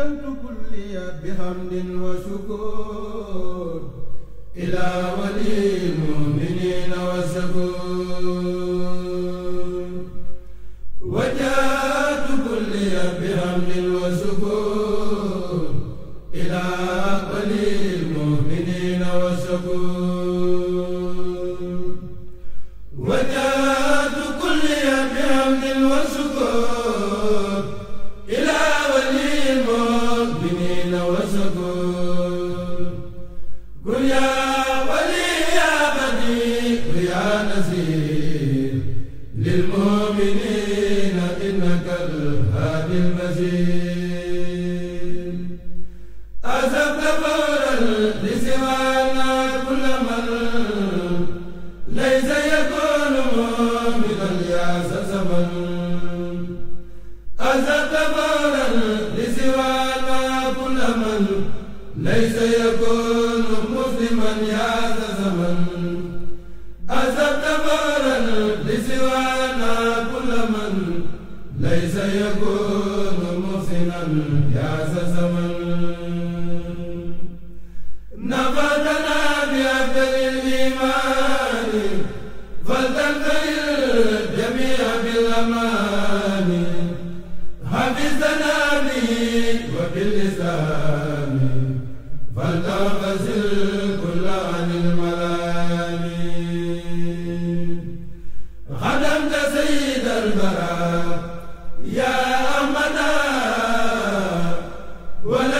وجهت كلي بحمد وشكر إلى ولي المؤمنين والزبور وجهت كلي بحمد laysa yakunu musliman ya zaman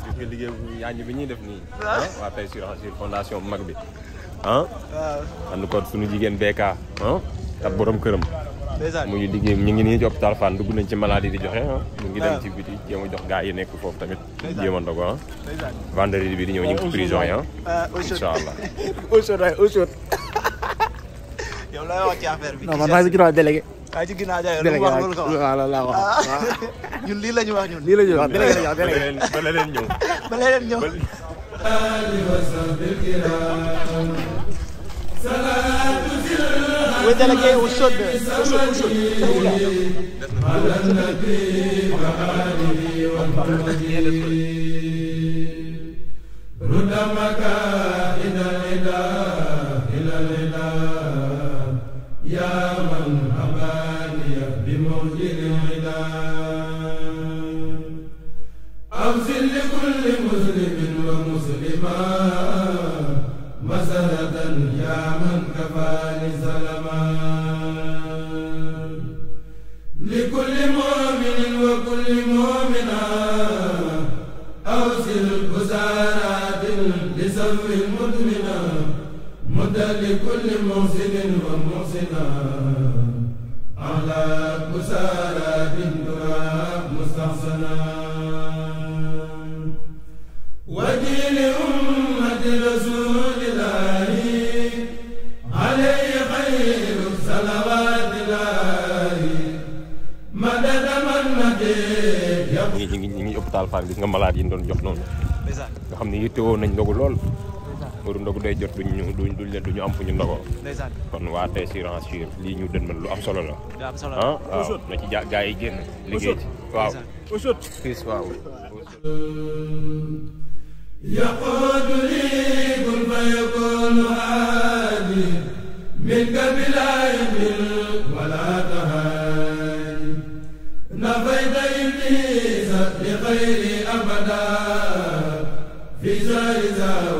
parce que liggéey bu yaañ bi ñuy def nii. waa tey sur fondation bu mag bi. ah. ànd ko suñu jigéen BK ah tab borom këram. mu ngi liggéey ñu ngi nii ci hôpital Fann dugg ci maladie di joxe ah. ñu jox gaa yi nekk foofu tamit jéem a ndogu ah. vendredi bi di ñëw ñu ngi prison yi ah. incha allah au lay wax ci affaire bi. non man la wax ñun lii la ñu wax ñun. lii la wax délégué ba leneen ñëw ñëw. وذلك والسد والسد والسد على النبي وآله والمؤمنين رد مكائد الإله إلى الإله يا من أباني بموجد الإله أمرنا مدى لكل محسن ومحسنا على مسارات تراب مستحسنا وجيل أمة رسول الله عليه خير صلوات الله مدد من مجيد ñu ngi ñu ngi hôpital Fann gis nga malade yi ñu doon jox noonu nga xam ne yittewoo nañ ndogu lool heure ndogu day jot duñ ñu du ñu am fu ñu ndogoo. kon waa tey assurance sur lii ñu lu am solo la. ah waaw na ci ja gaa yi génn. liggéey ci waaw. fii waaw. يقود لي كن فيكون هادي منك بلا يمل ولا تهادي نفيت إبليس لخير أبدا في زار زاوي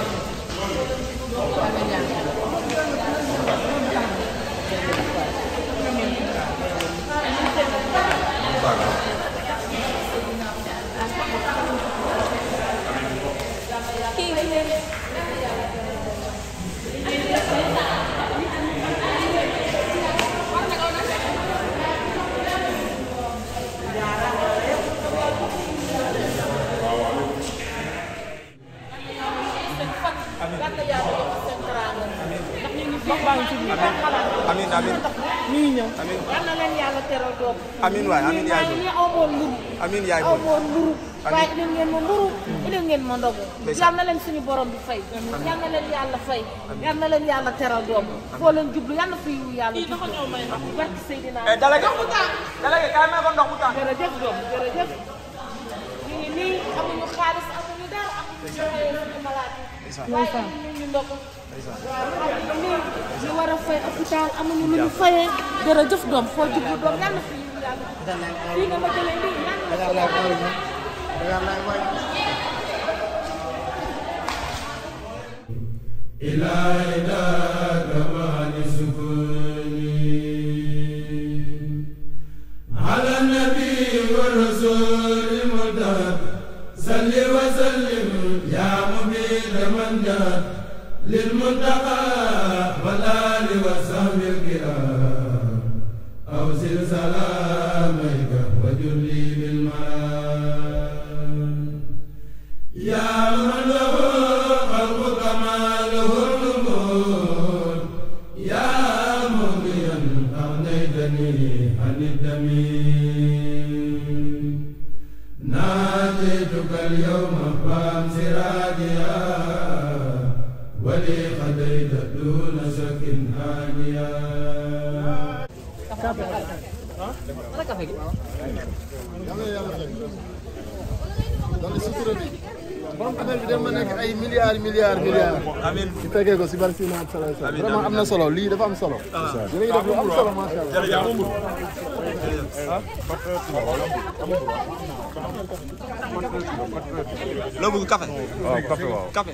amiin hmm. ñëw. yal na leen yàlla teral doom. amiin waay amiin yaay boobu ñii aw ma woon mburu. amiin yaay boobu mburu. waaye indil ngeen ma mburu. indil ngeen ma ndogu. yal leen suñu borom bi fay. yal na leen yàlla fay. yal na leen yàlla teral doom. foo leen jublu yal na fi yu yàlla jublu. barke Seydina. délégué eh, délégué kaay may ko ndox bu tàng. jërëjëf doom jërëjëf. ñu ngi nii amuñu xaalis amuñu dara amuñu. ñu war a fay hôpital amuñu lu ñu fayee jërëjëf doom foo jublu doom yàlla na fi yiw yàlla fii nga ma jëlee lii yàlla na fi ilaha illallah اليوم فانسراجها ana café gi. yàlla yàlla fekk. loolu si tur bi. borom affaire bi dem ma nekk ay milliards milliards milliards. amiin ci fekkee ko si bari si naat salaay salaam. vraiment am na solo lii dafa am solo. yéen a ngi def lu am solo macha allah. jërëjëf amul waaw. loo bëgg café. waaw café waaw. café.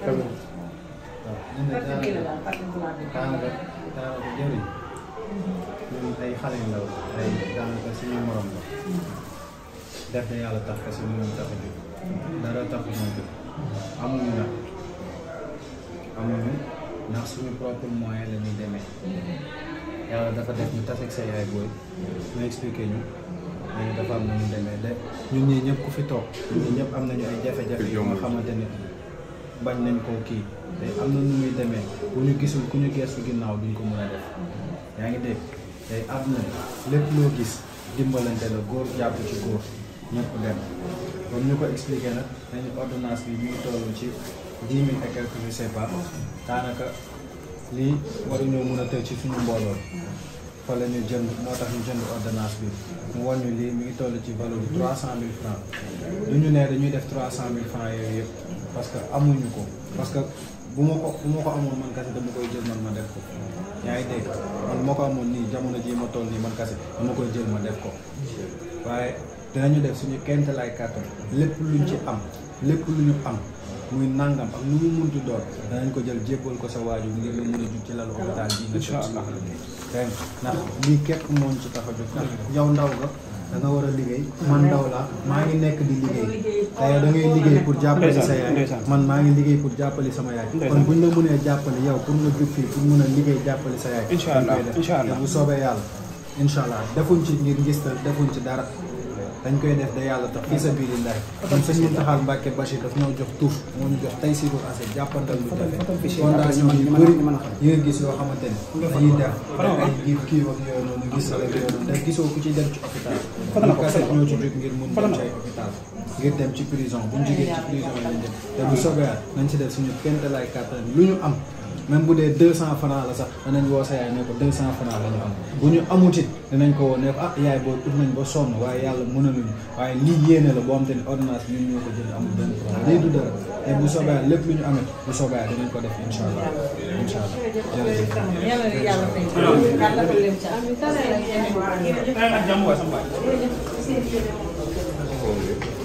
ñun ay xale yu ndaw ay daanaka suñu morom la def na yàlla tax parce que ñun tax a jóg dara taxul dafa def ñu taseeg sa yaay booy ñu expliqué ñu dafa am na ñu demee de ñun ñii ñëpp ku fi toog ñun ñii ñëpp am nañu ay jafe-jafe yu nga xamante ne bañ nañ koo kii te am na nu muy demee bu ñu gisul ku ñu geesu ginnaaw duñ ko mën a def yaa ngi dégg tey àdduna lépp loo gis dimbalante la góor jàpp ci góor ñëpp dem comme ñu ko expliqué nag nañu ordonnance bi ñuy ci dix mille et quelque je daanaka lii waruñoo mën a tëj ci suñu mbooloo fa la ñu moo tax ñu jënd ordonnance bi mu wan ñu lii mi ngi toll ci valeur bi trois cent mille francs du ñu ne dañuy def trois cent mille francs yooyu yëpp parce que amuñu ko parce que bu ma ko bu ma ko amoon man kase dama koy jël man ma def ko yaa ngi dégg man ma ko amoon nii jamono jii ma toll nii man kase dama koy jël ma def ko waaye ñu def suñu kente lay kàttan lépp luñ ci am lépp lu ñu am muy nangam ak nu mu munti doon danañ ko jël jébbal ko sa waajur ngir nga mën a jug ci lalu hôpital bii. incha allah ndax lii képp moo ci tax a jóg. yow ndaw la da war a liggéey man ndaw la maa ngi nekk di liggéey te yow da ngay liggéey pour jàppale sa yaay man maa ngi liggéey pour jàppale sama yaay kon buñ la mënee jàppale yow pour nga jub fii pour mën a liggéey jàppale sa yaay incha allah bu soobee yàlla incha allah defuñ ci ngir ngistal defuñ ci dara dañ koy def da yàlla tax fii sa biir yi ndaay ñun daf ñoo jox tuuf moo ñu jox tey sibu ase jàppandal lu jafe yoo xamante ni dañuy def ay ngir te gisoo ku ci dem ci hôpital ñu ngir mun dem ci ay ngir dem ci prison bu ñu jógee ci prison lañ dem te bu soobee nañ ci def suñu kente lay kàttan lu ñu am même bu dee deux cent franc la sax danañ woo sa yaay ne ko deux cent franc ñu am bu ñu amutit dinañ ko woo ne ko ah yaay boobu nañ ba sonn waaye yàlla mun ñu waaye lii yéene la boo xam te ne ordonnance ñun ñoo ko jënd amul benn problème du dara te bu soobee lépp lu ñu amee bu soobee dinañ ko def incha allah incha allah jërëjëf